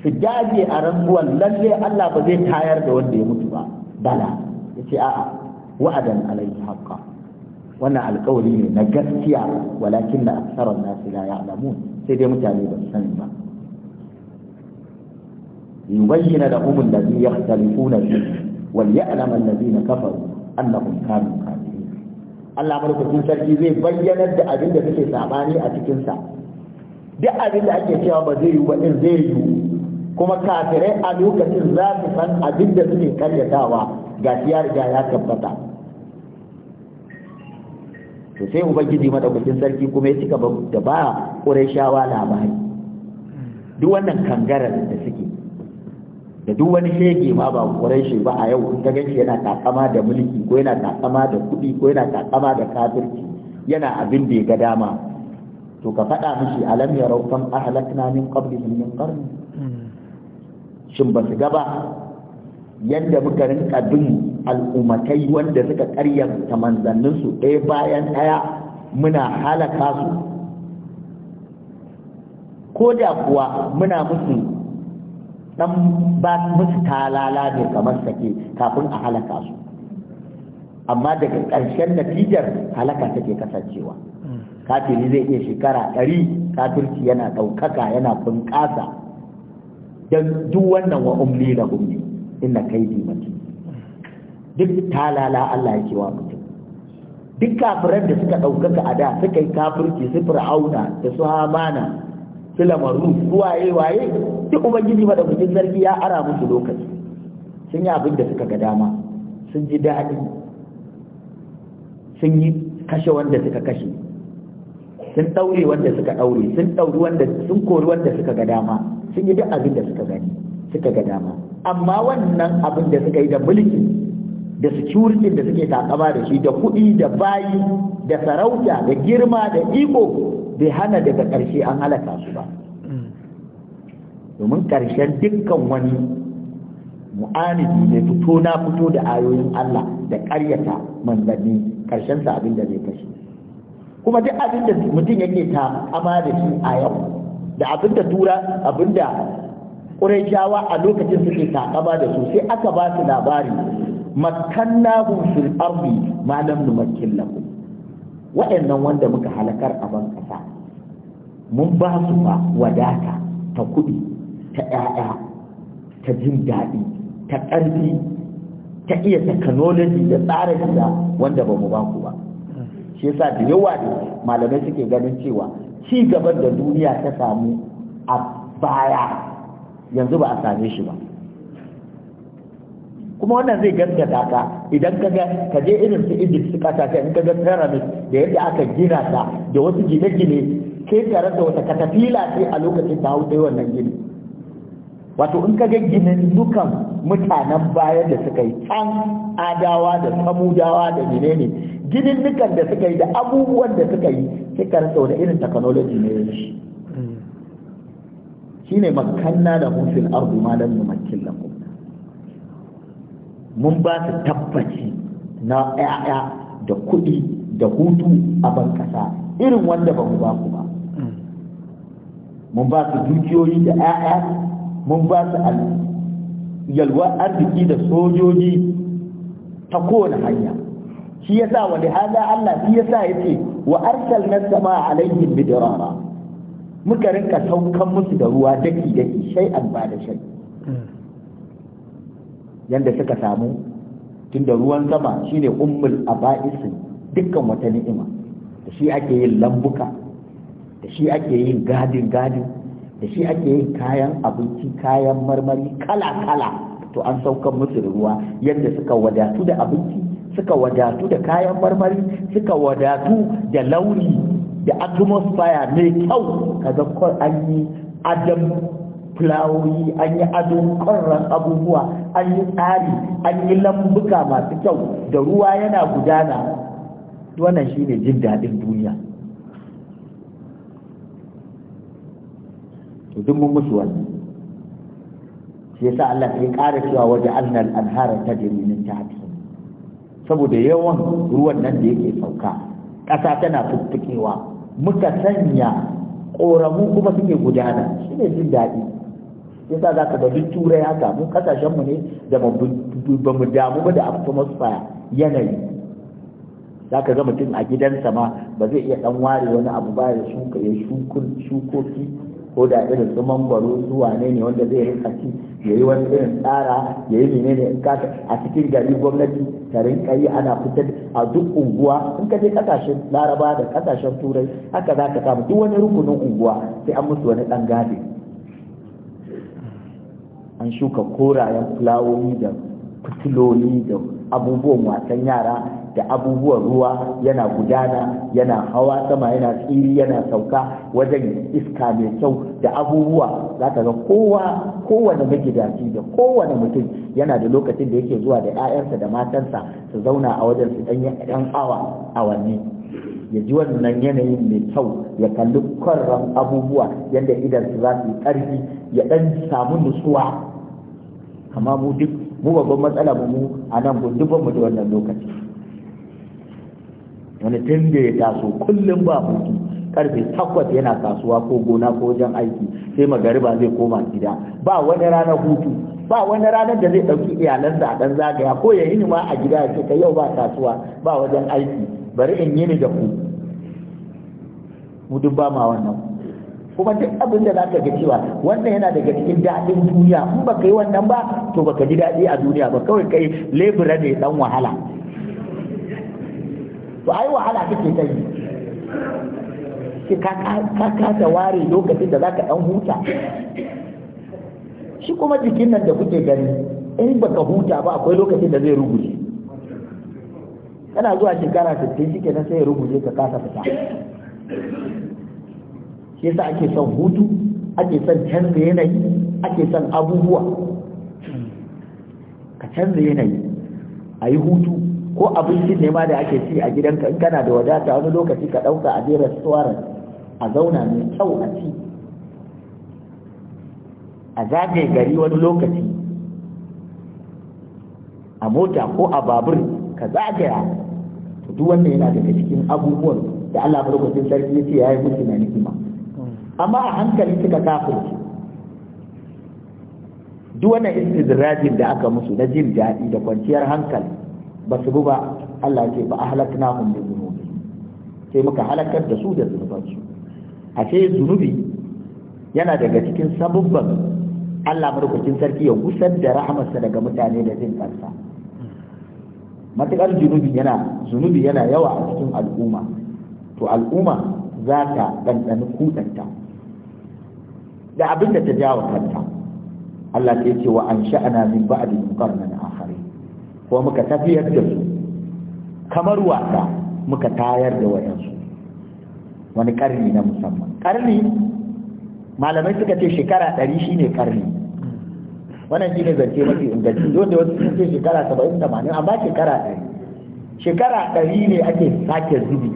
A: su jaje a rantsuwan lalle Allah ba zai tayar da wanda ya mutu ba bala yace a'a wa'adan alayhi haqqan wannan alƙawari ne na gaskiya walakin na aksarar nasu la ya'lamun sai dai mutane ba su sani ba yubayyana lahum alladhi yakhtalifuna fihi wal ya'lamu alladhina kafaru annahum kanu kafirin Allah madaukakin sarki zai bayyanar da abin da kake sabani a cikinsa. duk abin da ake cewa ba zai yi ba din zai yi kuma kafirai a lokacin za su san abin da suke karyatawa ga ya riga ya tabbata to sai ubangiji madaukakin sarki kuma ya cika da ba ƙurayshawa labari duk wannan kangarar da suke da duk wani shege ma ba ƙurayshi ba a yau ta ka ganshi yana takama da mulki ko yana takama da kuɗi ko yana takama da kafirci yana abin da ya ga dama to ka faɗa mishi alam yarau kam ahlakna min qablihim min qarn hmm. shin ba su gaba yadda muka rinka bin al'ummatai wanda suka karyanta manzanninsu ɗaya bayan ɗaya muna halaka su ko da kuwa muna musu ɗan ba musu talala ne kamar sake kafin a halaka su amma daga ƙarshen natijar halaka take kasancewa kafiri zai iya shekara ɗari kafirci yana ɗaukaka yana bunƙasa don duk wannan wa umli da umli inna bi matin duk talala Allah yake wa mutum duk kafiran da suka ɗaukaka a da suka yi kafirci su fir'auna da su hamana su lamaru su waye waye duk ubangiji mutum sarki ya ara musu lokaci sun yi abin da suka ga dama sun ji daɗi sun yi kashe wanda suka kashe sun ɗaure wanda suka ɗaure sun ɗauri wanda sun kori wanda suka ga dama sun yi duk abin da suka gani suka ga dama amma wannan abin da suka yi da mulki da security da suke takaba da shi da kuɗi da bayi da sarauta da girma da iko bai hana daga ƙarshe an halaka su ba domin ƙarshen dukkan wani mu'anidi mai fito na fito da ayoyin Allah da ƙaryata manzanni karshen sa abin da zai kashe kuma duk abin da mutum yake ta ama da shi a yau da abin da tura abin da shawa a lokacin suke ba da su sai aka ba su labari makkannahum fil ardi ma lam numakkin lahum wa'annan wanda muka halakar a ban kasa mun ba su ba wadata ta kuɗi ta ƴaƴa ta jin daɗi ta ƙarfi ta iya technology da tsara gida wanda ba mu ba ku ba shi yasa da yawa ne malamai suke ganin cewa ci gaban da duniya ta samu a baya yanzu ba a same shi ba kuma wannan zai gaskata ka idan ka ga ka je irin su Egypt su kasa ta in ka ga pyramid da yadda aka gina ta da wasu gine-gine ke tare da wata katafila sai a lokacin ta hau sai wannan gini wato in ka ga ginin dukan mutanen baya da suka yi can adawa da samudawa da menene ginin dukan da suka yi da abubuwan da suka yi sai ka rasa wani irin technology ne shi shine makanna da hun fil ardu ma lam numakkin lakum mun ba su tabbaci na ƴaƴa da kuɗi da hutu a ban kasa irin wanda ba mu ba ku ba mun ba su dukiyoyi da ƴaƴa mun ba su yalwa arziki da sojoji ta kowane hanya shi yasa wa da hada Allah shi yasa yace wa arsalna sama alaihim bidirara muka rinka saukan musu da ruwa daki daki shai an ba da shai Yadda suka samu tunda ruwan sama shine ummul aba'isi dukkan wata ni'ima da shi ake yin lambuka da shi ake yin gadin gadin da shi ake yin kayan abinci kayan marmari kala kala to an saukan musu da ruwa yadda suka wadatu da abinci suka wadatu da kayan marmari suka wadatu da launi da atmosphere mai kyau kaga an yi adam fulawoyi an yi ado ƙwarran abubuwa an yi tsari an yi lambuka masu kyau da ruwa yana gudana wannan shi ne jin daɗin duniya duk mun musu wani shi yasa Allah ya ƙara cewa waje annal anhara ta min tahti saboda yawan ruwan nan da yake sauka ƙasa tana fuffukewa muka sanya ƙoramu kuma suke gudana shi ne jin daɗi yasa za ka ga duk turai haka mu ƙasashenmu ne da ba mu damu ba da atmosphere yanayi za ka ga mutum a gidansa ma ba zai iya ɗan ware wani abu ba ya shuka ya shukoki ko da irin su mangwaro su wane ne wanda zai rinka ci ya yi wani irin tsara ya yi menene a cikin gari gwamnati ta rinka yi ana fitar a duk unguwa in ka je kasashen laraba da kasashen turai haka za ka samu duk wani rukunin unguwa sai an musu wani dan gadi an shuka korayen fulawoyi da fitiloli da abubuwan wasan yara da abubuwan ruwa yana gudana yana hawa sama yana tsiri yana sauka wajen iska mai kyau da abubuwa za ka ga kowa kowane magidanci da kowane mutum yana da lokacin da yake zuwa da 'ya'yansa da matansa su zauna a wajen su ɗan awa awanni ya ji wannan yanayin mai kyau ya kalli kwarran abubuwa yadda idan su za su yi ƙarfi ya ɗan samu nutsuwa amma mu duk mu babban matsala mu a nan mu da wannan lokaci wani tun da ya taso kullum ba hutu karfe takwas yana kasuwa ko gona ko wajen aiki sai magariba zai koma gida ba wani ranar hutu ba wani ranar da zai ɗauki iyalansa a ɗan zagaya ko ya yini ma a gida ya ce ka yau ba kasuwa ba wajen aiki bari in yini da ku mu ba ma wannan kuma duk abin da zaka ga cewa wannan yana daga cikin daɗin duniya in baka yi wannan ba to baka ji daɗi a duniya ba kawai kai lebura ne dan wahala to ai wahala kake kai ki ka ta ware lokacin da zaka dan huta shi kuma jikin nan da kuke gani in baka huta ba akwai lokacin da zai rubuce. kana zuwa shekara 60 shike na sai ya rubuce ka kasa fita shi yasa ake son hutu ake son canza yanayi ake son abubuwa ka canza yanayi a yi hutu ko abincin ne ma da ake ci a gidan kana da wadata wani lokaci ka ɗauka a je restaurant a zauna mai kyau a ci a zagaye gari wani lokaci a mota ko a babur ka zagaya to duk wannan yana daga cikin abubuwan da Allah rubuta sarki ya ce ya yi musu na nikima amma a hankali kika kafirce duk wannan istidrajin da aka musu na jin daɗi da kwanciyar hankali ba su bi ba Allah ce ba ahlakna hum bi zunubi. sai muka halakar da su da zunubansu a ce zunubi yana daga cikin sabubban Allah madaukakin sarki ya gusar da rahamarsa daga mutane da jin kansa Matuƙar zunubi yana zunubi yana yawa a cikin al'umma to al'umma za ta ɗanɗani kudanta da abin da ta jawo kanta Allah ta ce wa an sha'ana min ba'di qarnana ko muka tafiyar da su kamar wasa muka tayar da wayansu wani karni na musamman karni malamai suka ce shekara ɗari shine karni wannan shine zance mafi inganci da wasu sun ce shekara saba'in tamanin amma shekara ɗari shekara ɗari ne ake sake zubi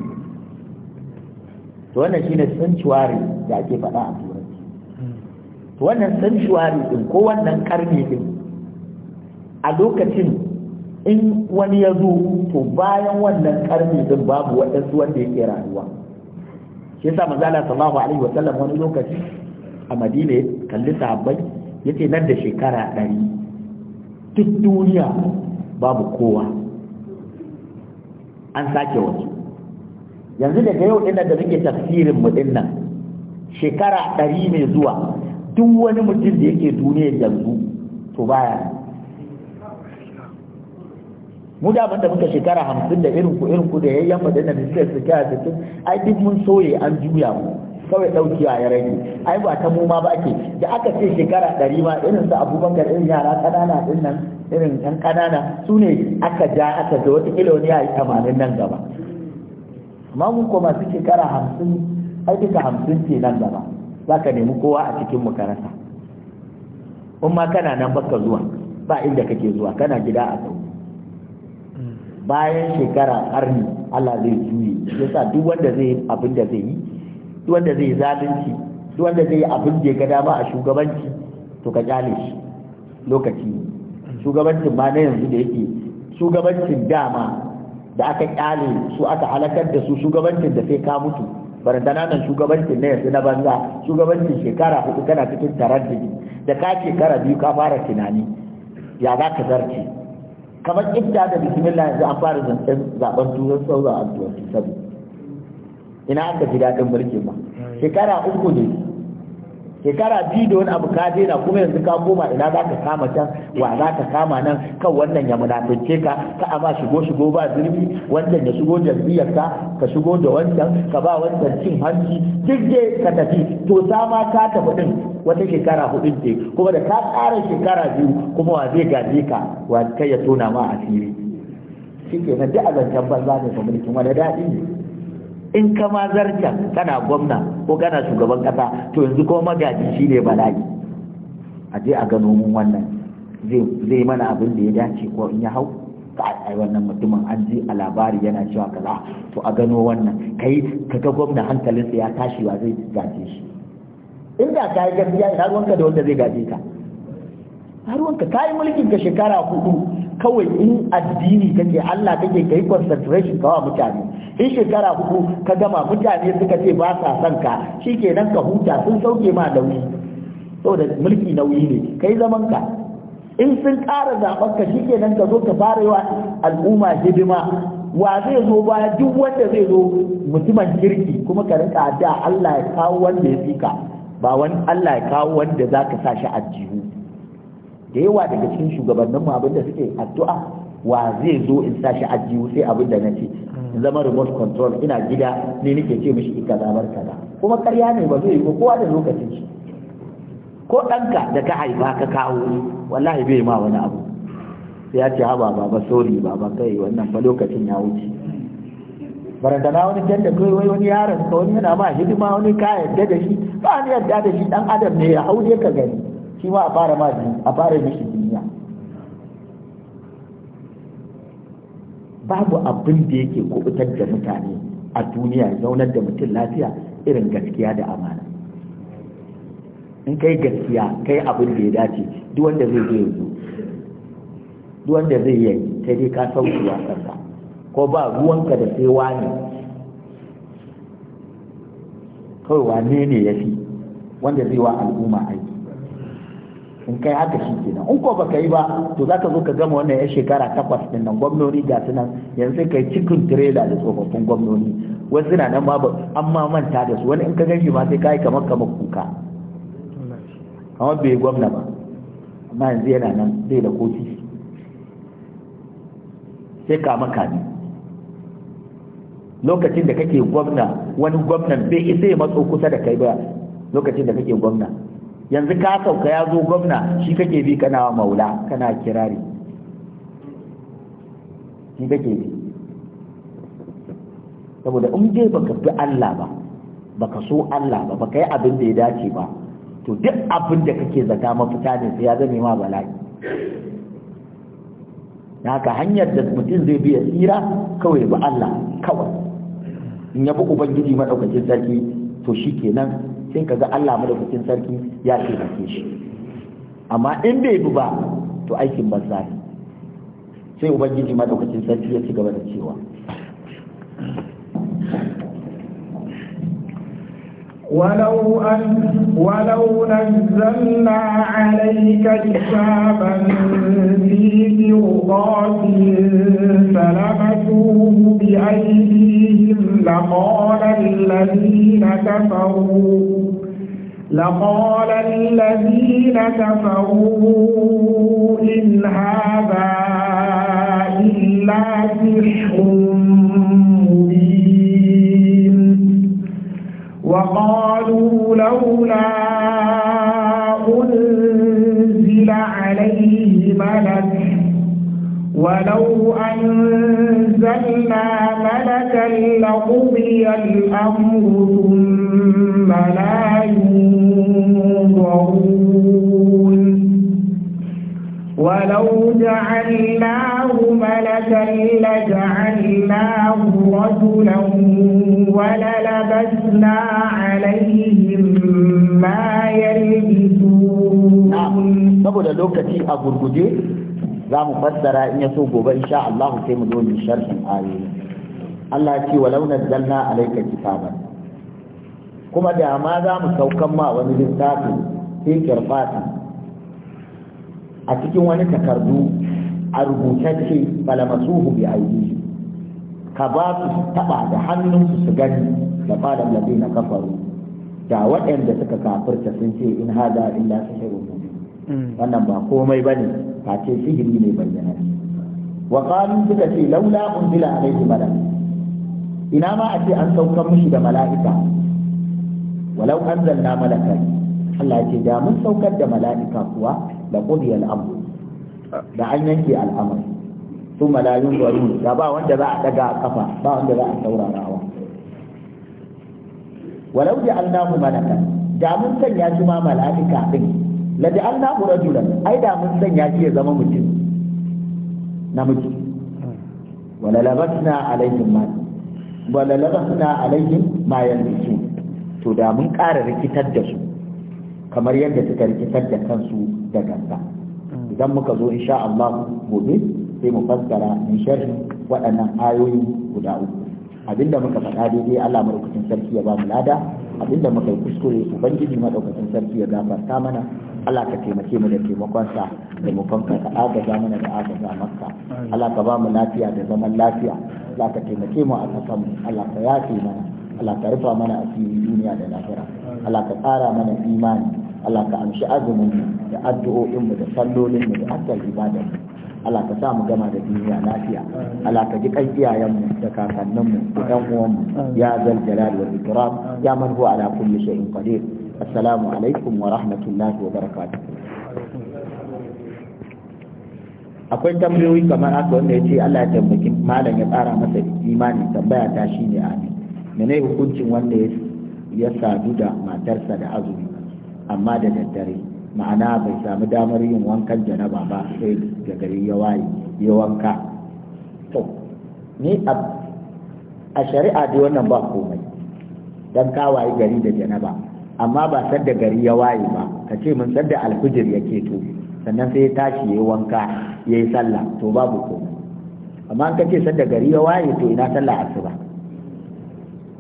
A: to wannan shine sanctuary da ake faɗa a turanci to wannan sanctuary din ko wannan karni din a lokacin in wani ya zo to bayan wannan karfe din babu waɗansu wanda yake rayuwa shi yasa manzo Allah sallallahu alaihi wa sallam wani lokaci a Madina kalli sahabbai yace nan da shekara ɗari duk duniya babu kowa an sake wasu yanzu daga yau ɗin da muke tafsirin mu ɗin nan shekara ɗari mai zuwa duk wani mutum da yake duniyar yanzu to baya mu da da muka shekara hamsin da irin ku irin ku da yayyan madina da suka shekara cikin ai duk mun soye an juya mu kawai ɗaukewa ya rage ai ba ta mu ma ba ake da aka ce shekara ɗari ma irin su abubakar irin yara kanana din nan irin yan kanana su ne aka ja aka da wata kilo ne a yi tamanin nan gaba amma mun kuma su shekara hamsin ai duka hamsin ce nan gaba za ka nemi kowa a cikin mu karasa in ma kana nan baka zuwa ba inda kake zuwa kana gida a sau bayan shekara karni Allah zai juye sa duk wanda zai abin da zai yi duk wanda zai zalunci duk wanda zai abin da ya ga dama a shugabanci to ka kyale shi lokaci shugabancin ma na yanzu da yake shugabancin dama da aka kyale su aka halakar da su shugabancin da sai ka mutu barandana nan shugabancin na yanzu na banza shugabancin shekara hudu kana cikin tarar da ka shekara biyu ka fara tunani ya za ka zarce kamar idda da bismillah yanzu an fara zaben turan sauza a turan sabu ina aka ji daɗin mulki ba shekara uku ne shekara biyu da wani abu ka daina kuma yanzu ka koma ina za ka kama can wa za ka kama nan kan wannan ya munafince ka ka ma shigo shigo ba zurfi wancan ya shigo jam'iyyar ka ka shigo da wancan ka ba wancan cin hanci duk dai ka tafi to sama ka tafi din wata shekara hudu ce kuma da ka ƙara shekara biyu kuma wa zai gaje ka wa kai ya tona ma asiri shi ke na duk a zancen banza ne mulkin wani daɗi ne in ka ma zarta kana gwamna ko kana shugaban kasa to yanzu ko magaji shine bala'i a je a gano mun wannan zai mana abin da ya dace ko in ya hau ka ai wannan mutumin an ji a labari yana cewa kaza to a gano wannan kai ga gwamna hankalinsa ya tashi wa zai gaje shi inda ka yi gaskiya ina ruwanka da wanda zai gaje ka ruwanka ka yi mulkin ka shekara hudu kawai in addini kake Allah kake kai concentration kawai mutane in shekara hudu ka gama mutane suka ce ba sa son ka shikenan ka huta sun sauke ma nauyi saboda mulki nauyi ne ka yi zaman ka in sun kara zaɓen ka shikenan ka zo ka fara yawa al'umma hidima wa zai zo baya duk wanda zai zo mutumin kirki kuma ka rinka da Allah ya kawo wanda ya fika ba wani Allah ya kawo wanda za ka sa shi a jihu da yawa daga cikin shugabannin mu abinda suke addu'a wa zai zo in sa shi a jihu sai abinda na ce zama remote control ina gida ne nake ce mishi kaza bar da. kuma karya ne ba zai yi kowa da lokacin shi ko ɗanka da ka haifa ka kawo wallahi bai ma wani abu sai ya ce ba baba sorry ba kai wannan ba lokacin ya wuce barantana wani can da kai wai wani yaron ka wani yana ma hidima wani ka yadda da shi ba ni yadda da shi dan adam ne ya hauje ka gani shi ma a fara ma a fara mishi duniya babu abin da yake kubutar da mutane a duniya zaunar da mutum lafiya irin gaskiya da amana in kai gaskiya kai abin da ya dace duk wanda zai zo yanzu duk wanda zai yi sai dai ka sauki wasanka ko ba ruwanka da sai wani kawai wane ne ya fi wanda zai wa al'umma ai in kai haka shi kenan in ko baka yi ba to za ka zo ka gama wannan ya shekara takwas ɗin nan gwamnoni ga su nan yanzu kai cikin tirela da tsofaffin gwamnoni wasu na nan babu an ma manta da su wani in ka gani ma sai ka yi kamar kamar kuka kamar bai gwamna ba amma yanzu yana nan bai da koti sai ka maka ne lokacin da kake gwamna wani gwamnan bai isa ya matso kusa da kai ba lokacin da kake gwamna yanzu ka sauka ya zo gwamna shi kake bi kana wa maula kana kirari shi kake bi saboda in dai baka bi Allah ba baka so Allah ba baka yi abin da ya dace ba to duk abin da kake zata mafita ne sai ya zame ma bala'i haka hanyar da mutum zai biya tsira kawai ba Allah kawai in yabi ubangiji madaukakin sarki to shi kenan sai ga Allah madaukakin sarki ya taimake shi amma in bai bi ba to aikin banza ne sai ubangiji madaukakin sarki ya ci gaba da cewa
B: ولو أن ولو نزلنا عليك كتابا في قرطاس فلمسوه بأيديهم لقال الذين كفروا لقال الذين كفروا إن هذا إلا سحر وقالوا لولا أنزل عليه ملك ولو أنزلنا ملكا لقضي الأمر ثم لا ينظرون ولو جعلناه ملكا لجعلناه رجلا وللبسنا عليهم ما يلبسون
A: saboda lokaci a gurguje za mu fassara in ya so gobe sha Allah sai mu zo mu sharhin ayoyi Allah ce walau nazzalna alayka kitaba kuma da ma za mu saukan ma wani littafi sai kirfati a cikin wani takardu a rubutacce balamasuhu bi aidi ka ba su taba da hannunsu su gani da fadar labi na kafaru da waɗanda suka kafirta sun ce in haza illa sihirun mm. wannan ba komai ba ne. Ka ce sihiri ne bayyana wa qalu suka ce laula unzila alaihi malak ina ma a ce an saukar mishi da mala'ika walau anzalna malakan Allah ya ce da mun saukar da mala'ika kuwa da kudi al-amr da an yanke al'amari thumma la yunzarun da ba wanda za a daga kafa ba wanda za a saurarawa walau namu malaka da mun sanya shi ma mala'ika din la ja'alnahu rajulan ai da mun sanya shi ya zama mutum namiji wala labasna alaihim ma wala labasna alaihim ma yalbisu to da mun ƙara rikitar da su kamar yadda suka rikitar da kansu da ganga hmm. idan muka zo insha Allah gobe sai mu fassara in sharhi waɗannan ayoyi guda uku abinda muka faɗa daidai Allah madaukakin sarki ya ba mu lada abinda muka yi kuskure ubangiji madaukakin sarki ya gafarta mana Allah ka taimake mu da taimakonsa da mu fanka ka agaza mana da agaza maka Allah ka ba mu lafiya da zaman lafiya Allah ka taimake mu a kasan mu Allah ka yafe mana Allah ka rufa mana asiri duniya da lahira Allah ka tsara mana imani Allah ka amshi azumin da addu'o'in mu da sallolin mu da ibadar Allah ka sa mu gama da duniya lafiya Allah ka ji kan iyayenmu da kakanninmu da ɗan mu ya zal jalal wa ikram ya man huwa ala kulli shay'in qadir assalamu alaikum wa rahmatullahi wa barakatuh akwai tambayoyi kamar haka wanda ya ce Allah ya tabbaki malam ya tsara masa imani tambaya ta shine amin menene hukuncin wanda ya sadu da matarsa da azumi amma da daddare ma'ana bai sami damar yin wankan janaba ba sai da gari ya waye ya wanka to ni a shari'a dai wannan ba komai dan waye gari da janaba amma ba san da gari ya waye ba ka ce mun da alfijir ya to sannan sai ya tashi ya yi wanka ya yi sallah to babu komai amma an ka ce da gari ya waye to ina sallah asir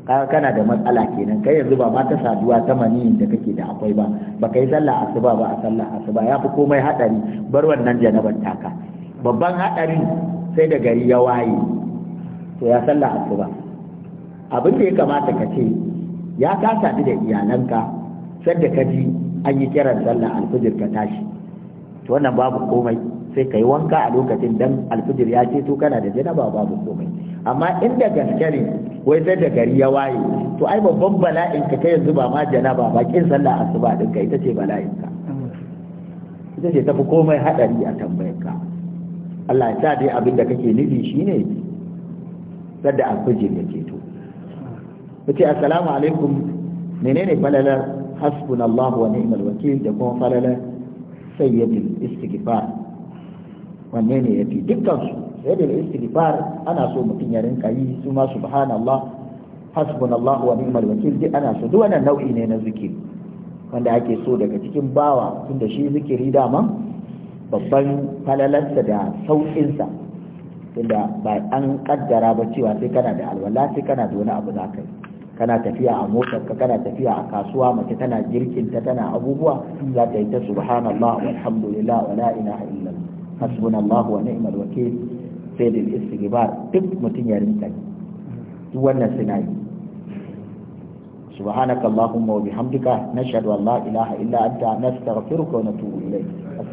A: kaga kana da matsala kenan kai yanzu ba ma ta saduwa ta maniyin da kake da akwai ba ba kai sallah asuba ba a sallah asuba ya fi komai hadari bar wannan janabar taka babban haɗarin sai da gari ya waye to ya sallah asuba abin da ya kamata ka ce ya ka sadu da iyalanka sai ka kaji an yi kiran sallah alfijir ka tashi to wannan babu komai sai ka yi wanka a lokacin dan alfijir ya ce to kana da janaba babu komai amma inda gaske ne wai sai da gari ya waye to ai babban bala'in ka kai yanzu ba ma janaba ba kin sallah asuba din ka ita bala'in ka ita ce tafi komai hadari a tambayar ka Allah ya sa dai abin da kake nufi shine sadda da ke to kace assalamu alaikum menene falalar hasbunallahu wa ni'mal wakil da kuma falalar sayyidul istighfar wanne ne fi dukkan su da istighfar ana so mutum ya rinka yi su ma subhanallah hasbunallah wa ni'mal wakil duk ana so duk wannan nau'i ne na zikiri wanda ake so daga cikin bawa tunda shi zikiri dama babban falalarsa da sauƙinsa tunda ba an kaddara ba cewa sai kana da alwala sai kana da wani abu za ka yi kana tafiya a motar ka kana tafiya a kasuwa mace tana girkin ta tana abubuwa za ta yi ta subhanallah walhamdulillah wala ilaha illallah Allah wa ni'mal wakil sai da istighfar duk mutum ya rinka duk wannan suna yi subhanakallahumma wa bihamdika nashhadu an la ilaha illa anta nastaghfiruka wa natubu ilayk